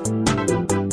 bismillahir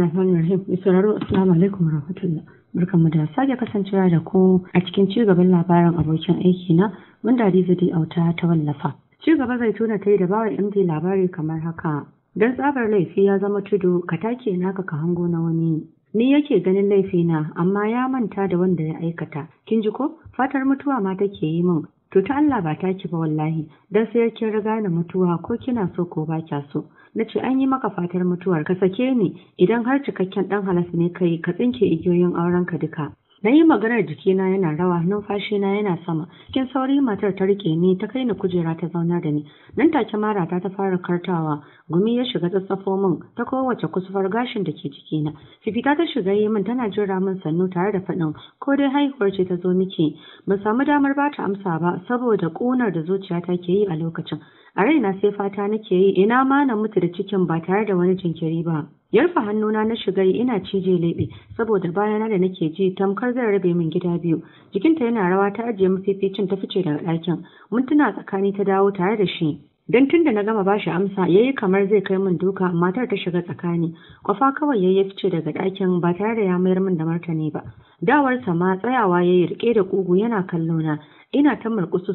rahmanir rahim mai sauraro assalamu alaikum rahmatullah barkanmu da sake kasancewa da ku a cikin ci gaban labarin abokin aiki na wanda Hadiza Auta ta wallafa ci gaba zai tona ta yi da bawan MD labari kamar haka Don tsabar laifi ya zama tudu ka take naka ka hango na wani. Ni yake ganin laifina amma ya manta da wanda ya aikata. Kin ji ko? Fatar mutuwa ma take yi min. To ta Allah ba ta ki ba wallahi, dan sai kin riga ni mutuwa ko kina so ko ba kya so. na ce an yi maka fatar mutuwar ka sake ni idan har cikakken dan halas ne kai ka tsinke igiyoyin aurenka duka Na yi maganar jikina yana rawa, numfashina yana sama. Cikin sauri matar ta rike ni ta kai ni kujera ta zauna da ni. Nan take mara ta ta fara kartawa, gumi ya shiga tsatsafo min ta kowace kusurfar gashin da ke jikina. Fifita ta shiga yi min tana jira min sannu tare da faɗin ko dai haihuwar ce ta zo miki. Ban samu damar ba ta amsa ba saboda ƙunar da zuciyata ke yi a lokacin. A raina sai fata nake yi ina ma na mutu da cikin ba tare da wani jinkiri ba. yarfa hannuna na shiga ina cije lebe saboda bayana da nake ji tamkar zai rabe min gida biyu jikinta yana rawa ta ajiye mafificin ta fice daga ɗakin mintuna tsakani ta dawo tare da shi don tun da na gama ba shi amsa ya yi kamar zai kai min duka matar ta shiga tsakani kwafa kawai ya yi fice daga ɗakin ba tare da ya mayar min da martani ba dawarsa ma tsayawa ya yi rike da ƙugu yana kallo na, ina ta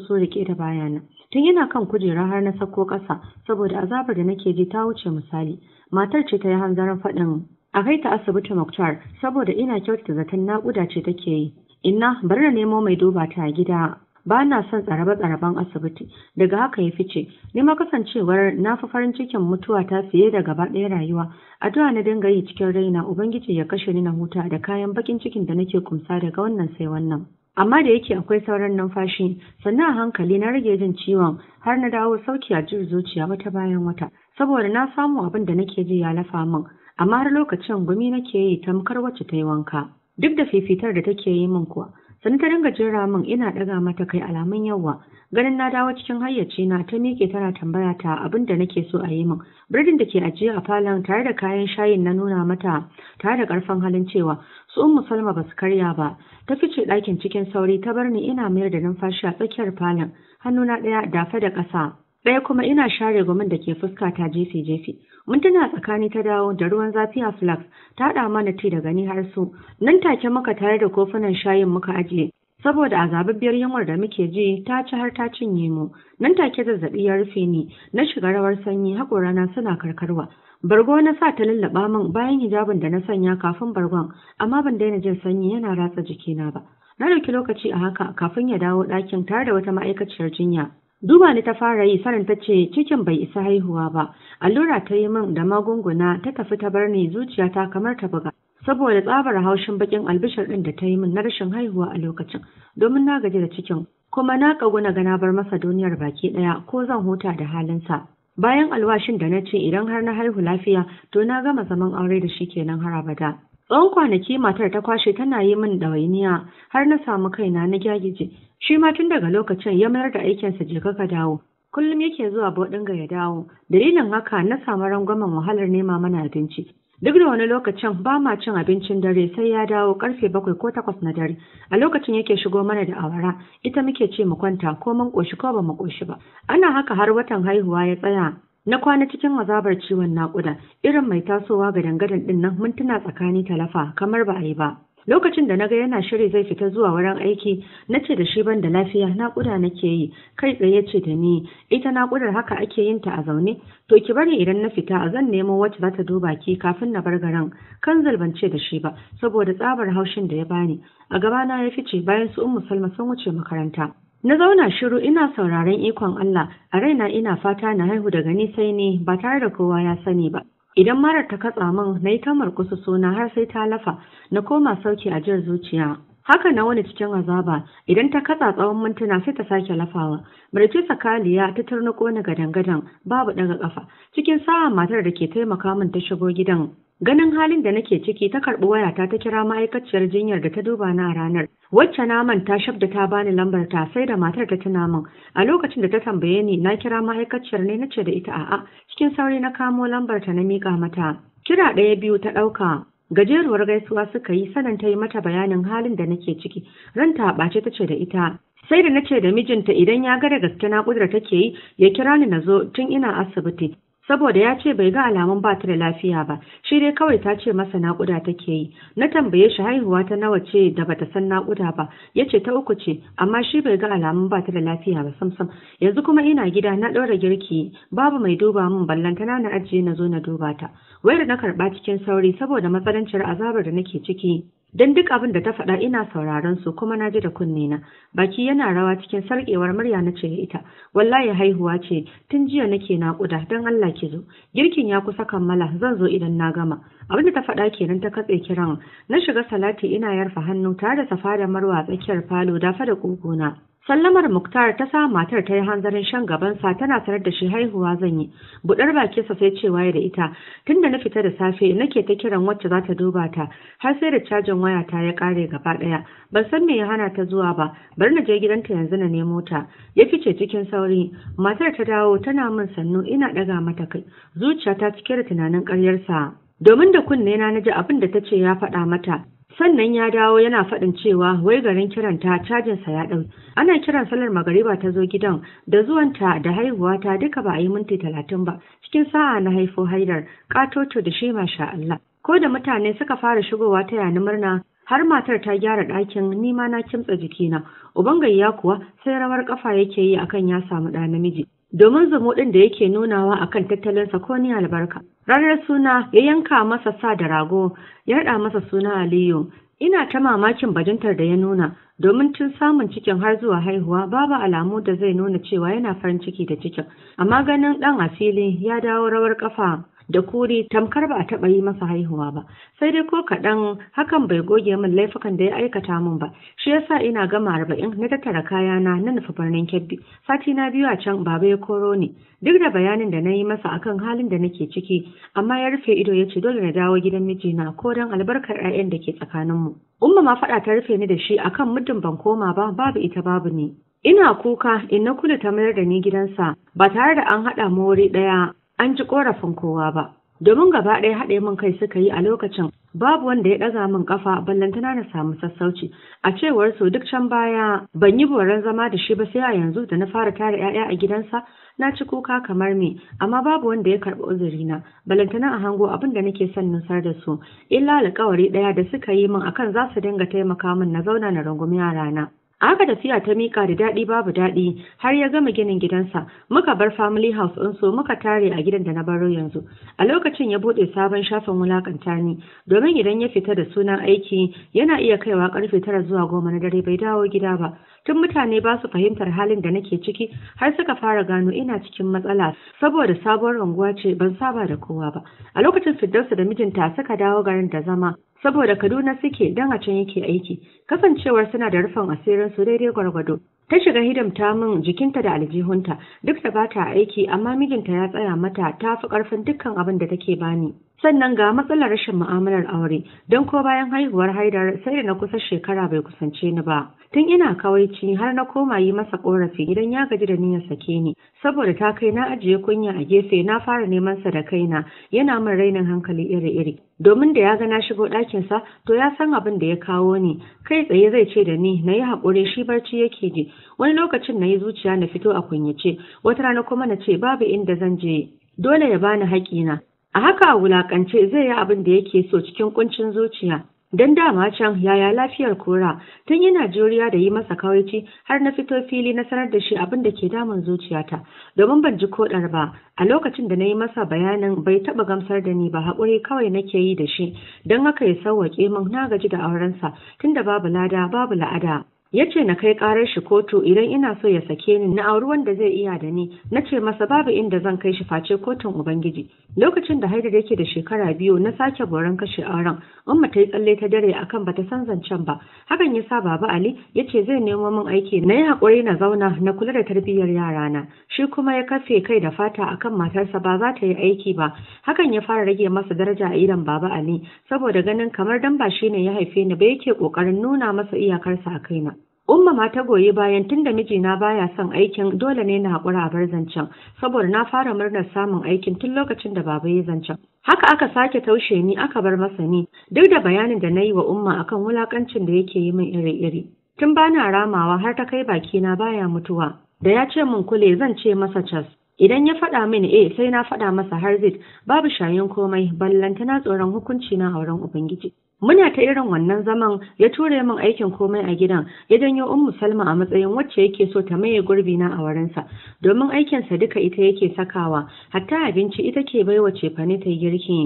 so rike da bayana tun yana kan kujera har na sako ƙasa saboda azabar da nake ji ta wuce misali matar ce ta yi hanzarin faɗin a kai ta asibiti muktar saboda ina kyautata zaton naƙuda ce take yi inna bari na nemo mai duba ta gida ba na son tsarabe-tsaraben asibiti daga haka ya fice ni ma kasancewar na fi farin cikin mutuwa ta fiye da gaba ɗaya rayuwa addu'a na dinga yi cikin raina ubangiji ya kashe ni na huta da kayan bakin cikin da nake kumsa daga wannan sai wannan amma da yake akwai sauran numfashi sannan a hankali na rage jin ciwon har na dawo sauki a jin zuciya wata bayan wata saboda na samu abin da nake ji ya lafa min amma har lokacin gumi nake yi tamkar wacce ta yi wanka duk da fifitar da take yi min kuwa Sani ta dinga jira min ina ɗaga mata kai alamun yawa. Ganin na dawo cikin hayyaci na ta miƙe tana tambaya ta abin da nake so a yi min. Birnin da ke ajiye a falon tare da kayan shayin na nuna mata tare da ƙarfin halin cewa su ummu Salma ba su karya ba. Ta fice ɗakin cikin sauri ta bar ni ina mayar da numfashi a tsakiyar falon. Hannuna ɗaya dafe da ƙasa. Ɗaya kuma ina share gumin da ke fuska ta jefe-jefe. Mun Mintuna tsakani ta dawo da ruwan zafi a flax ta haɗa mana ti daga ni har su. Nan take muka tare da kofunan shayin muka ajiye. Saboda a zababbiyar yunwar da muke ji ta ci har ta cinye mu. Nan take zazzaɓi ya rufe ni na shiga rawar sanyi haƙorana suna karkarwa. Bargo na sa ta lullaba min bayan hijabin da na sanya kafin bargon amma ban daina jin sanyi yana ratsa jikina ba. Na ɗauki lokaci a haka kafin ya dawo ɗakin tare da wata ma'aikaciyar jinya Duba ni ta fara yi sanin ta ce cikin bai isa haihuwa ba. Allura ta yi min da magunguna ta tafi ta bar ni zuciyata kamar ta buga. Saboda tsabar haushin bakin albishir ɗin da ta yi min na rashin haihuwa a lokacin domin na gaji da cikin kuma na kagu na gana bar masa duniyar baki ɗaya ko zan huta da halinsa. Bayan alwashin da na ce idan har na haihu lafiya to na gama zaman aure da shi kenan har abada. Tsawon kwanaki matar ta kwashe tana yi min ɗawainiya har na samu kaina na gyagije. Shi ma tun daga lokacin ya mayar da aikinsa je ka dawo. Kullum yake zuwa ga ya dawo. Dalilin haka na samu rangwamen wahalar nema mana abinci. Duk da wani lokacin ba ma cin abincin dare sai ya dawo karfe bakwai ko takwas na dare. A lokacin yake shigo mana da awara, ita muke ce mu kwanta ko mun ƙoshi ko ba mu ƙoshi ba. Ana haka har watan haihuwa ya tsaya Na kwana cikin azabar ciwon naƙuda, irin mai tasowa ga dangadan ɗin nan mintuna tsakani talafa kamar ba a yi ba. Lokacin da na ga yana shiri zai fita zuwa wurin aiki, na ce da shi ban da lafiya naƙuda nake yi, kai tsaye ce da ni, ita naƙudar haka ake yin ta a zaune, to ki bari idan na fita a zan nemo wacce za ta duba ki kafin na bar garan kan ban ce da shi ba, saboda tsabar haushin da ya bani. A gabana ya fice bayan su Ummu Salma sun wuce makaranta. Na zauna shiru ina sauraron ikon Allah, a raina ina fata na haihu daga ni sai ne ba tare da kowa ya sani ba. Idan marar ta katsa min na yi ta kusa suna har sai ta lafa, na koma sauki a jin zuciya. Haka na wani cikin azaba, idan ta katsa tsawon mintuna sai ta sake lafawa. Barci sakaliya ta turnuko ni gadan-gadan babu daga ƙafa. Cikin sa'a matar da ke taimaka min ta shigo gidan, Ganin halin da nake ciki ta karɓi wayata ta kira ma'aikaciyar jinyar da ta duba na ranar. Wacce na manta da ta bani lambar ta sai da matar ta tuna min. A lokacin da ta tambaye ni na kira ma'aikaciyar ne nace da ita a'a. Cikin sauri na kamo lambar ta na miƙa mata. Kira ɗaya biyu ta ɗauka gajeruwar gaisuwa suka yi sanan ta yi mata bayanin halin da nake ciki ranta a ɓace ta ce da ita sai da nace da mijinta idan ya ga da gaske na kudura take yi ya kira ni na zo tun ina asibiti saboda ya ce bai ga alamun ba ta da lafiya ba shi dai kawai ta ce masa naƙuda take yi na tambaye shi haihuwa ta nawa ce da bata san naƙuda ba ya ce ta uku ce amma shi bai ga alamun ba ta da lafiya ba samsam yanzu kuma ina gida na ɗora girki babu mai duba min tana na ajiye na zo na duba ta wai da na karɓa cikin sauri saboda matsalancin azabar da nake ciki don duk abin da ta faɗa ina sauraron su kuma na ji da kunne na baki yana rawa cikin sarƙewar murya na ce ita wallahi haihuwa ce tun jiya nake naƙuda don Allah ki zo girkin ya kusa kammala zan zo idan na gama abin da ta faɗa kenan ta katse kiran na shiga salati ina yarfa hannu tare da safa marwa tsakiyar falo dafa da ƙuguna Sallamar Muktar ta sa matar ta yi hanzarin shan gabansa tana sanar da shi haihuwa zan yi. Buɗar bakinsa sai cewa ya da ita. Tunda na fita da safe nake ta kiran wacce za ta duba ta har sai da cajin waya ta ya kare gaba daya. Ban san me ya hana ta zuwa ba. Bari na je gidanta yanzu na nemo ta. Ya fice cikin sauri. Matar ta dawo tana min sannu ina ɗaga mata kai. Zuciya ta cike da tunanin karyarsa. Domin da kunne na naji abin da ta ce ya faɗa mata. sannan ya dawo yana faɗin cewa wai garin kiranta cajinsa ya ɗau ana kiran salar magariba ta zo gidan da zuwanta da haihuwa ta duka ba a yi minti talatin ba cikin sa'a na haifo haidar katoto da shi masha Allah ko da mutane suka fara shigowa ta yani murna har matar ta gyara ɗakin nima na kimtsa jikina uban gayya kuwa sai rawar ƙafa yake yi akan ya samu ɗa namiji domin zumuɗin da yake nunawa akan kan ko ni albarka. Ranar suna ya yanka masa sa da rago, ya raɗa masa suna Aliyu. Ina ta mamakin bajintar da ya nuna, domin tun samun cikin har zuwa haihuwa babu alamu da zai nuna cewa yana farin ciki da cikin. Amma ganin ɗan asili ya dawo rawar ƙafa da kuri tamkar ba a taɓa yi masa haihuwa ba sai dai ko kaɗan hakan bai goge min laifukan da ya aikata min ba shi yasa ina gama arba'in na tattara kayana na nufi birnin kebbi sati na biyu a can baba ya koro ni duk da bayanin da na yi masa akan halin da nake ciki amma ya rufe ido ya ce dole na dawo gidan mijina ko don albarkar 'ya'yan da ke tsakaninmu umma ma faɗa ta rufe ni da shi akan muddin ban koma ba babu ita babu ni Ina kuka in na kula ta mayar da ni gidansa ba tare da an haɗa mu wuri ɗaya an ji korafin kowa ba domin gaba ɗaya haɗe min kai suka yi a lokacin babu wanda ya ɗaga min ƙafa ballantana na samu sassauci a cewar su duk can baya ban yi boran zama da shi ba sai a yanzu da na fara tara 'ya'ya a gidansa na ci kuka kamar me amma babu wanda ya karɓi uzurina balantana a hango abin da nake son nusar da su illa alƙawari ɗaya da suka yi min akan za su dinga taimaka min na zauna na rungumi yarana Aka tafiya ta mika da daɗi babu daɗi har ya gama ginin gidansa muka bar family house ɗin so muka tare a gidan da na baro yanzu. A lokacin ya buɗe sabon shafin wulakanta ni domin idan ya fita da sunan aiki yana iya kaiwa karfe tara zuwa goma na dare bai dawo gida ba. Tun mutane ba su fahimtar halin da nake ciki har suka fara gano ina cikin matsala saboda sabuwar unguwa ce ban saba da kowa ba. A lokacin fiddarsa da mijinta suka dawo garin da zama saboda Kaduna suke don a can yake aiki kasancewar suna da rufin asirin su daidai gwargwado ta shiga hidimta min jikinta da aljihunta duk da ba ta aiki amma mijinta ya tsaya mata ta fi ƙarfin dukkan abin da take bani sannan ga matsalar rashin mu'amalar aure don ko bayan haihuwar haidar sai da na kusa shekara bai kusance ni ba tun ina kawaici har na koma yi masa korafi idan ya gaji da niyyar sake ni saboda ta kai na ajiye kunya a gefe na fara neman sa da kaina yana min rainin hankali iri-iri domin da ya ga na shigo ɗakinsa to ya san abin da ya kawo ni kai tsaye zai ce da ni na yi haƙuri shi barci yake ji wani lokacin na yi zuciya na fito a kunyace wata rana kuma na ce babu inda zan je dole ya bani haƙina a haka a wulakance zai yi abin da yake so cikin kuncin zuciya don dama can yaya lafiyar kora tun yana juriya da yi masa kawaici har na fito fili na sanar da shi abin da ke damun zuciyata domin ban ji koɗar ba a lokacin da na yi masa bayanin bai taɓa gamsar da ni ba haƙuri kawai nake yi da shi don haka ya sauwaƙe min na gaji da aurensa tunda babu lada babu la'ada ya ce na kai karar shi kotu idan ina so ya sake ni na auri wanda zai iya da ni na ce masa babu inda zan kai shi face kotun ubangiji lokacin da haidar yake da shekara biyu na sake boran kashe auren umma ta yi tsalle ta dare akan bata san zancen ba hakan ya sa baba ali ya ce zai nemo min aiki na yi haƙuri na zauna na kula da tarbiyyar yarana shi kuma ya kafe kai da fata akan matarsa ba za ta yi aiki ba hakan ya fara rage masa daraja a idan baba ali saboda ganin kamar dan ba shi ne ya haife ni ba yake ƙoƙarin nuna masa iyakarsa a kaina Umma ma ta goyi bayan tunda mijina baya son aikin dole ne na haƙura a bar zancen saboda na fara murnar samun aikin tun lokacin da baba ya zancen. Haka aka sake taushe ni aka bar masa ni duk da bayanin da na yi wa umma akan wulakancin da yake yi min iri-iri. Tun bana ramawa har ta kai bakina baya mutuwa. Da ya ce min kule zan ce masa cas. Idan ya faɗa mini eh sai na faɗa masa har zit babu shayin komai ballantana tsoron hukunci na auren Ubangiji. muna ta irin wannan zaman ya ture min aikin komai a gidan ya janyo ummu salma a matsayin wacce yake so ta maye gurbi na a wurinsa domin aikinsa duka ita yake sakawa hatta abinci ita ke baiwa cefane ta girki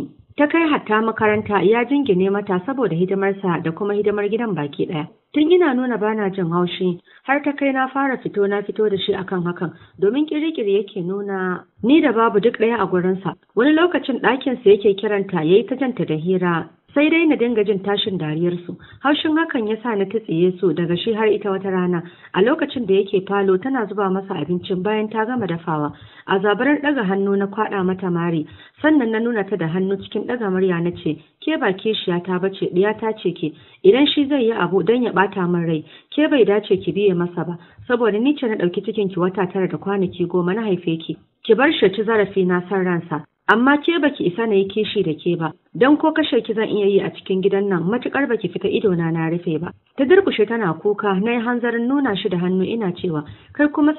ta kai hatta makaranta ya jingine mata saboda hidimarsa da kuma hidimar gidan baki ɗaya. tun ina nuna bana jin haushi har ta kai na fara fito na fito da shi akan hakan domin kirikiri yake nuna ni da babu duk ɗaya a gurinsa wani lokacin ɗakinsa yake kiranta yayi ta janta da hira sai dai na dinga jin tashin dariyarsu haushin hakan ya sa na tsiye su daga shi har ita wata rana a lokacin da yake falo tana zuba masa abincin bayan ta gama dafawa a zabarar daga hannu na kwada mata mari sannan na nuna ta da hannu cikin daga murya na ce ke ba kishiya ta bace ɗiya ta ce ke idan shi zai yi abu don ya bata min rai ke bai dace ki biye masa ba saboda ni ce na ɗauki cikin ki wata tara da kwanaki goma na haife ki ki bar shi ci zarafi na san ransa amma ke baki isa na yi kishi da ke ba don ko kashe ki zan iya yi a cikin gidan nan matukar baki fita ido na na rufe ba ta durkushe tana kuka na yi hanzarin nuna shi da hannu ina cewa kai kuma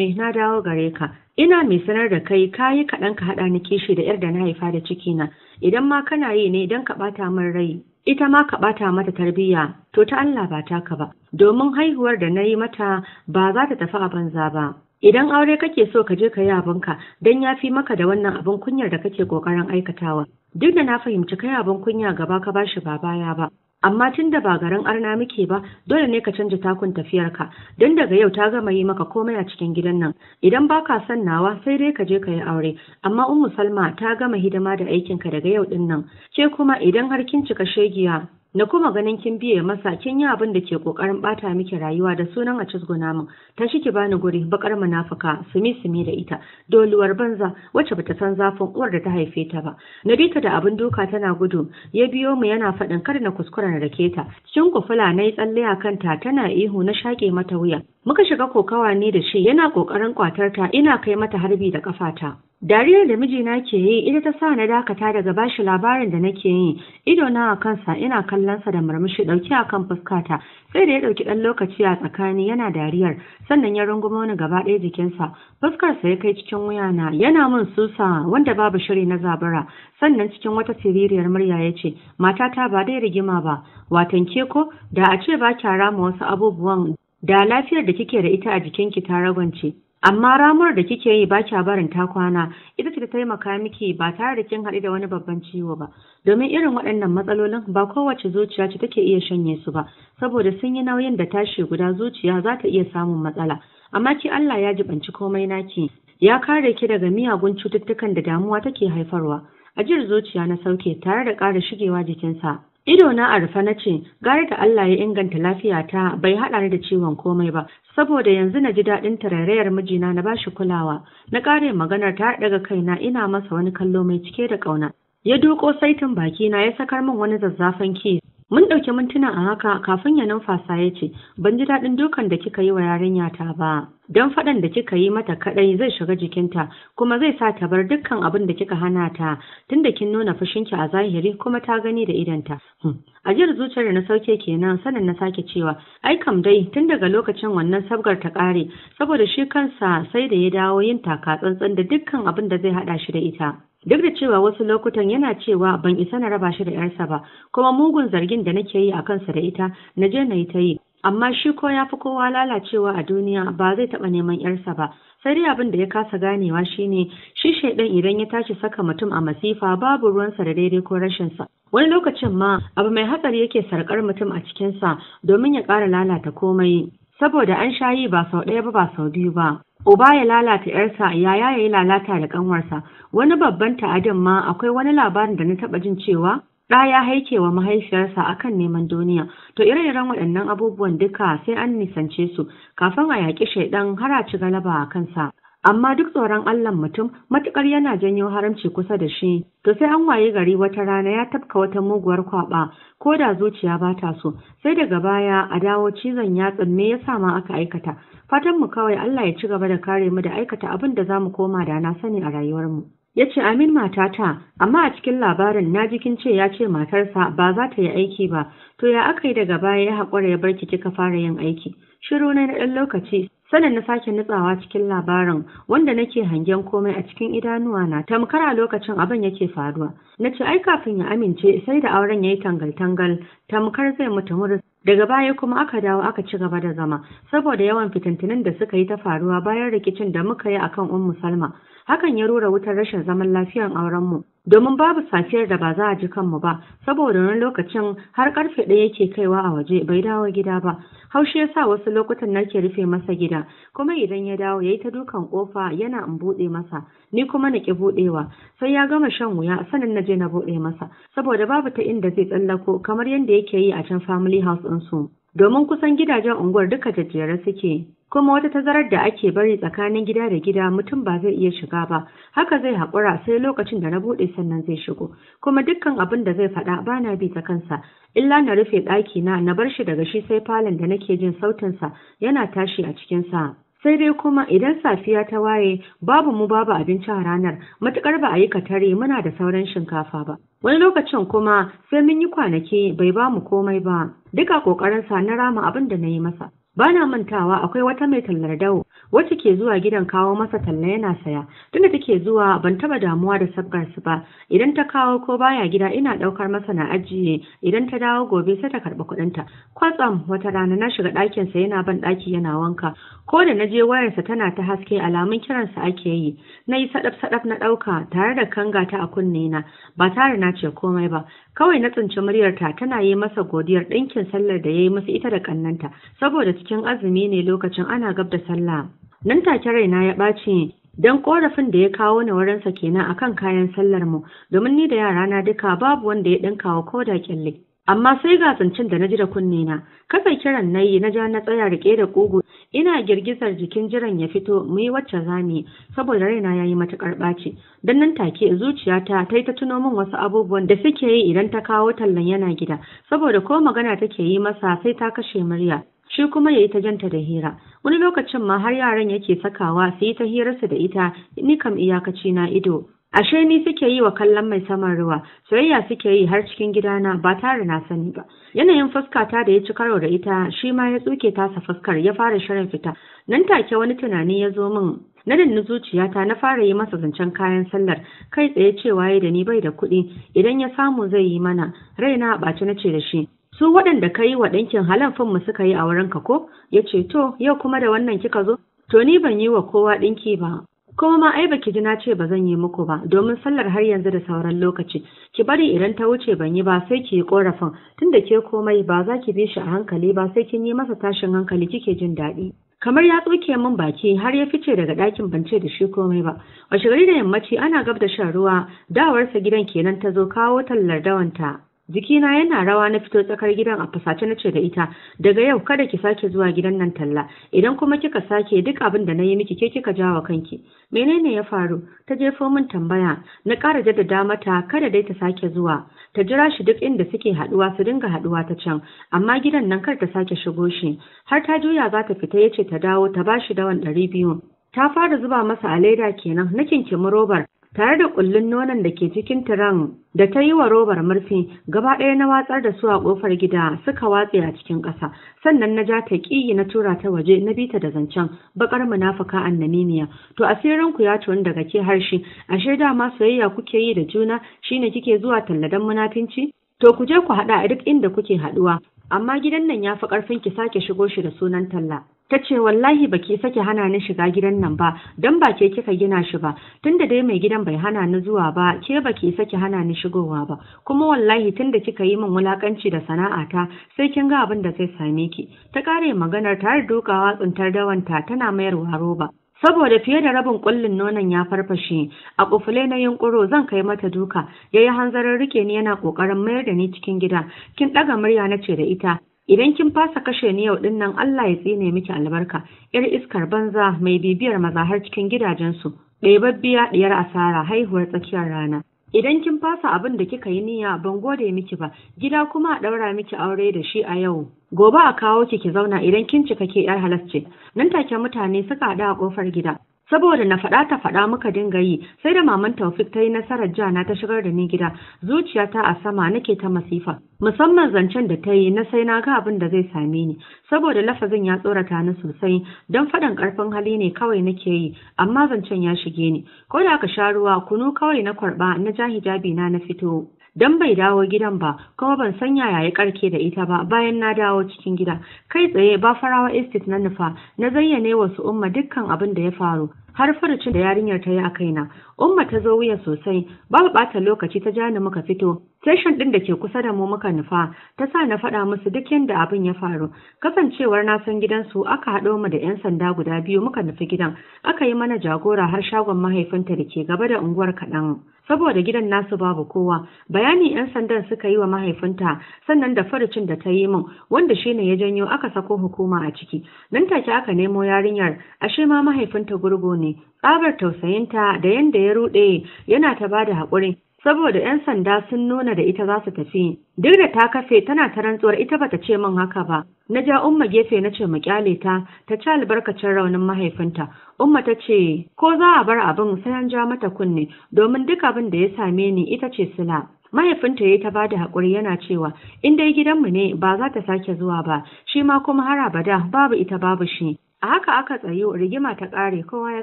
me.' na dawo gare ka ina mai sanar da kai kayi kaɗan ka haɗa ni kishi da yar da na haifa da ciki na idan ma kana yi ne don ka ɓata min rai ita ma ka ɓata mata tarbiyya to ta Allah ba taka ba domin haihuwar da na yi mata ba za ta tafi a banza ba Idan aure kake so ka je ka yi abinka don ya fi maka da wannan abin kunyar da kake ƙoƙarin aikatawa. Duk da na fahimci kai abin kunya gaba ka ba shi ba baya ba. Amma tun da ba garin arna muke ba, dole ne ka canja takun tafiyarka, don daga yau ta gama yi maka komai a cikin gidan nan. Idan ba ka son nawa sai dai ka je ka yi aure, amma Ummu Salma ta gama hidima da aikinka daga yau din nan. Ke kuma idan har kin cika shegiya na kuma ganin kin biye masa kin yi abin da ke kokarin bata miki rayuwa da sunan a cizguna min ta shike bani guri bakar munafuka sumi sumi da ita doluwar banza wacce bata san zafin uwar da ta haife ta ba Na nadita da abin duka tana gudu ya biyo mu yana faɗin kar na kuskura na rake ta cikin kufula na yi tsalle a kanta tana ihu na shaƙe mata wuya muka shiga kokawa ne da shi yana kokarin kwatar ina kai mata harbi da kafata Dariyar da mijina ke yi ita ta sa na dakata daga bashi labarin da nake yi. Ido na a kansa ina kallon sa da murmushi ɗauki a kan fuskata. Sai da ya dauki dan lokaci a tsakani yana dariyar, sannan ya rungumo ni gaba ɗaya jikinsa. fuskarsa ya kai cikin wuya na. yana mun susa wanda babu shiri na zabura. Sannan cikin wata siririyar murya ya ce, "Matata ba dai rigima ba, watan ke ko da a ce ba kyara rama wasu abubuwan da lafiyar da kike da ita a jikinki ta ragwance." amma ramuwar da kike yi ba kya barin ta kwana ita ce ta taimaka miki ba tare da kin haɗu da wani babban ciwo ba domin irin waɗannan matsalolin ba kowace zuciya ce take iya shanye su ba saboda sun yi nauyin da tashi guda zuciya za ta iya samun matsala amma ki Allah ya jibanci komai naki ya kare ki daga miyagun cututtukan da damuwa take haifarwa ajiyar zuciya na sauke tare da ƙara shigewa jikinsa Ido na a rufe na ce, gare da Allah ya inganta lafiyata bai haɗa ni da ciwon komai ba, saboda yanzu na ji daɗin tarairayar mijina na ba shi kulawa. Na ƙare maganar ta daga kaina ina masa wani kallo mai cike da ƙauna. Ya doko saitin bakina ya sakar min wani zazzafan kis. Mun ɗauki mintuna a haka kafin ya numfasa ya ce, Ban ji daɗin dukan da kika yi wa yarinya ta ba. Don faɗan da kika yi mata kaɗai zai shiga jikinta, kuma zai sa ta bar dukkan abin da kika hana ta, tunda kin nuna ki a zahiri kuma ta gani da idanta. Hmm. jiyar zuciyar na sauke kenan sanin na sake cewa, ai kam dai tun daga lokacin wannan sabgar ta ƙare, saboda shi kansa sai da ya dawo yin taka tsantsan da dukkan abin da zai haɗa shi da ita. Duk da cewa wasu lokutan yana cewa ban isa na raba shi da ‘yarsa ba, kuma mugun zargin da nake yi a kansa da ita na je na yi ta yi, amma shi ko ya fi kowa lalacewa a duniya ba zai taɓa neman ‘yarsa ba. Sai dai abin da ya kasa ganewa shine shi shaidan idan ya tashi saka mutum a masifa babu ruwansa da daidai ko rashinsa. Wani lokacin ma abu mai hatsari yake sarkar mutum a cikinsa domin ya ƙara lalata komai. Saboda an sha yi ba sau ɗaya ba ba sau biyu ba. Oba ya lalata ‘yarsa, yaya ya yi lalata da ƙanwarsa. Wani babban ta'adin ma akwai wani labarin da na taɓa jin cewa ɗa ya haike wa mahaifiyarsa akan neman duniya. To ire-iren waɗannan abubuwan duka sai an nisance su kafin a yaƙi shaiɗan har a ci galaba a kansa. amma duk tsoron Allah mutum matukar yana janyo haramci kusa da shi to sai an waye gari wata rana ya tafka wata muguwar kwaɓa, ko da zuciya ba ta so sai daga baya a dawo cizon ya me yasa ma aka aikata fatan mu kawai Allah ya ci gaba da kare mu da aikata abin da za mu koma da na sani a rayuwar mu ya ce amin matata amma a cikin labarin na jikin ce ya ce matarsa ba za ta yi aiki ba to ya aka yi daga baya ya haƙura ya barki kika fara yin aiki shiru na na ɗan lokaci Sanin na sake nutsawa cikin labarin wanda nake hangen komai a cikin idanuwa na tamkar a lokacin abin yake faruwa. Na ce ai kafin ya amince sai da auren ya yi tangal-tangal tamkar zai mutu murus. Daga baya kuma aka dawo aka ci gaba da zama saboda yawan fitintunan da suka yi ta faruwa bayan rikicin da muka yi akan Ummu Salma. Hakan ya rura wutar rashin zaman lafiyan aurenmu. domin babu safiyar da ba za a ji kanmu ba saboda wani lokacin har karfe ɗaya yake kaiwa a waje bai dawo gida ba haushi ya sa wasu lokutan nake rufe masa gida kuma idan ya dawo ya yi ta dukan kofa yana in buɗe masa ni kuma na ki buɗewa sai ya gama shan wuya sanin na je na buɗe masa saboda babu ta inda zai tsallako kamar yadda yake yi a can family house ɗinsu. su domin kusan gidajen unguwar duka jajjere suke kuma wata tazarar da ake bari tsakanin gida da gida mutum ba zai iya shiga ba haka zai haƙura sai lokacin da na buɗe sannan zai shigo kuma dukkan abin da zai faɗa ba na bi ta kansa illa na rufe ɗaki na na bar shi daga shi sai falon da nake jin sautinsa yana tashi a cikinsa sai dai kuma idan safiya ta waye babu mu babu abinci a ranar matukar ba a yi katare muna da sauran shinkafa ba wani lokacin kuma sai mun yi kwanaki bai ba mu komai ba duka kokarinsa na rama abin da na yi masa bana mantawa akwai wata mai tallar dawo wacce ke zuwa gidan kawo masa talla yana saya tunda take zuwa ban taba damuwa da sabgar su ba idan ta kawo ko baya gida ina daukar masa na ajiye idan ta dawo gobe sai ta karba kuɗin ta kwatsam wata rana na shiga ɗakin sa yana ban ɗaki yana wanka ko da na je wayarsa tana ta haske alamun kiransa ake yi na yi sadaf sadaf na ɗauka tare da kanga ta a kunne na ba tare na ce komai ba kawai na tsinci muryarta tana yi masa godiyar ɗinkin sallar da ya yi masa ita da ƙannanta saboda cikin azumi ne lokacin ana gab da sallah nan take raina ya ɓaci don korafin da ya kawo ni wurinsa kenan akan kayan sallar mu domin ni da yarana duka babu wanda ya ɗinka wa koda kyalle amma sai ga zancen da na ji da kunne na kasa kiran na yi na ja na tsaya rike da kugu ina girgizar jikin jiran ya fito mu yi wacce zani saboda raina yayi matukar ɓaci Don nan take zuciyata ta yi ta tuno min wasu abubuwan da suke yi idan ta kawo tallan yana gida saboda ko magana take yi masa sai ta kashe murya shi kuma ya yi ta janta da hira wani lokacin ma har yaran yake sakawa su yi ta hirarsa da ita ni kam iyakaci na ido ashe ni suke yi wa kallon mai saman ruwa soyayya suke yi har cikin gidana ba tare na sani ba yanayin fuskata da ya ci karo da ita shi ma ya tsuke tasa fuskar ya fara shirin fita nan take wani tunani ya zo min na danni zuciyata na fara yi masa zancen kayan sallar kai tsaye cewa ya da ni bai da kuɗi idan ya samu zai yi mana raina a ɓaci na ce da shi su waɗanda ka yi wa ɗinkin halan mu suka yi a wurinka ko ya ce to yau kuma da wannan kika zo to ni ban yi wa kowa ɗinki ba kuma ma ai baki ji na ce ba zan yi muku ba domin sallar har yanzu da sauran lokaci ki bari idan ta wuce ban yi ba sai ki yi korafin tunda ke komai ba za ki bi shi a hankali ba sai kin yi masa tashin hankali kike jin daɗi kamar ya tsoke min baki har ya fice daga ɗakin bance da shi komai ba washe gari da yammaci ana gab da shan ruwa dawarsa gidan kenan ta zo kawo tallar dawanta Jikina yana rawa na fito tsakar gidan a fasace na ce da ita, daga yau kada ki sake zuwa gidan nan talla, idan kuma kika sake duk abin da na yi miki ke kika wa kanki. Menene ya faru? Ta jefo min tambaya, na ƙara jaddada mata kada dai ta sake zuwa. Ta jira shi duk inda suke haɗuwa su dinga haɗuwa ta can, amma gidan nan kar ta sake shigo shi. Har ta juya za ta fita yace ta dawo ta bashi dawan ɗari biyu. Ta fara zuba masa a leda kenan na kinkimi robar tare da kullun nonon da ke cikin tiran da ta yi wa robar murfi gaba ɗaya na watsar da su a ƙofar gida suka watse a cikin ƙasa sannan na ja ta ƙiyi na tura ta waje na bita da zancen baƙar munafuka annamimiya to asirin ku ya tuni daga ke harshe ashe dama soyayya kuke yi da juna shine kike zuwa talladan munafinci to ku je ku haɗa a duk inda kuke haɗuwa amma gidan nan ya fi ƙarfin ki sake shigo shi da sunan talla ta ce wallahi ba ke sake hana ni shiga gidan nan ba don ba ke kika gina shi ba tunda dai mai gidan bai hana ni zuwa ba ke baki sake hana ni shigowa ba kuma wallahi tunda kika yi min wulakanci da sana'a ta, sai kin ga abin da zai same ki ta kare maganar tare dukawa tsuntar dawanta tana mayarwa roba saboda fiye da rabin kullin nonon ya farfashe a kufule na yunkuro zan kai mata duka yayi hanzarin rike ni yana kokarin mayar da ni cikin gida kin daga murya nace da ita idan kin fasa kashe ni yau din nan Allah ya tsine miki albarka yar iskar banza mai bibiyar maza har cikin gidajensu ɗebabbiya ɗiyar asara haihuwar tsakiyar rana idan kin fasa abin da kika yi niyya ban gode miki ba gida kuma a ɗaura miki aure da shi a yau gobe a kawo ki ki zauna idan kin cika ke yar halas ce nan take mutane suka haɗu a ƙofar gida saboda na faɗa ta faɗa muka dinga yi sai da maman Taufik ta yi nasarar jana ta shigar da ni gida zuciyata a sama nake ta masifa musamman zancen da ta yi na sai na ga abin da zai same ni saboda lafazin ya tsorata ni sosai don faɗan ƙarfin hali ne kawai nake yi amma zancen ya shige ni ko da aka sha ruwa kunu kawai na kwarɓa na ja hijabi na na fito dan bai dawo gidan ba kuma ban san yaya ya karke da ita ba bayan na dawo cikin gida kai tsaye ba farawa estate na nufa na zayyane wa su umma dukkan abin da ya faru har farcin da yarinyar ta yi a kaina umma ta zo wuya sosai babu ɓata lokaci ta ja muka fito Station ɗin da ke kusa da mu muka nufa ta sa na faɗa musu duk yadda abin ya faru. Kasancewar na san gidansu aka haɗo mu da 'yan sanda guda biyu muka nufi gidan. Aka yi mana jagora har shagon mahaifinta da ke gaba da unguwar kaɗan. Saboda gidan nasu babu kowa, bayani 'yan sandan suka yi wa mahaifinta sannan da farcin da ta yi min wanda shine ya janyo aka sako hukuma a ciki. Nan take aka nemo yarinyar, ashe ma mahaifinta gurgu ne, tsabar tausayinta da yadda ya ruɗe yana ta bada haƙuri. saboda 'yan sanda sun nuna da ita za su tafi. Duk da ta kafe tana ta rantsuwar ita bata ce min haka ba. Na ja Umma gefe na ce mu kyale ta, ta ci albarkacin raunin mahaifinta. Umma ta ce, ko za a bar abin sai an ja mata kunne, domin duk abin da ya same ni ita ce sila. Mahaifinta ya ta bada da haƙuri yana cewa, in dai gidanmu ne ba za ta sake zuwa ba, shi ma kuma har abada babu ita babu shi. A haka aka tsayo rigima ta ƙare kowa ya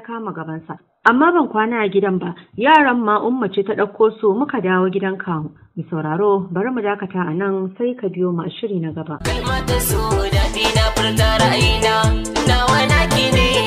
kama gabansa. amma ban kwana a gidan ba yaran ma umma ce ta ɗauko su muka dawo gidan kawu mu sauraro bari mu dakata a nan sai ka biyo mu a shiri na gaba su da furta ne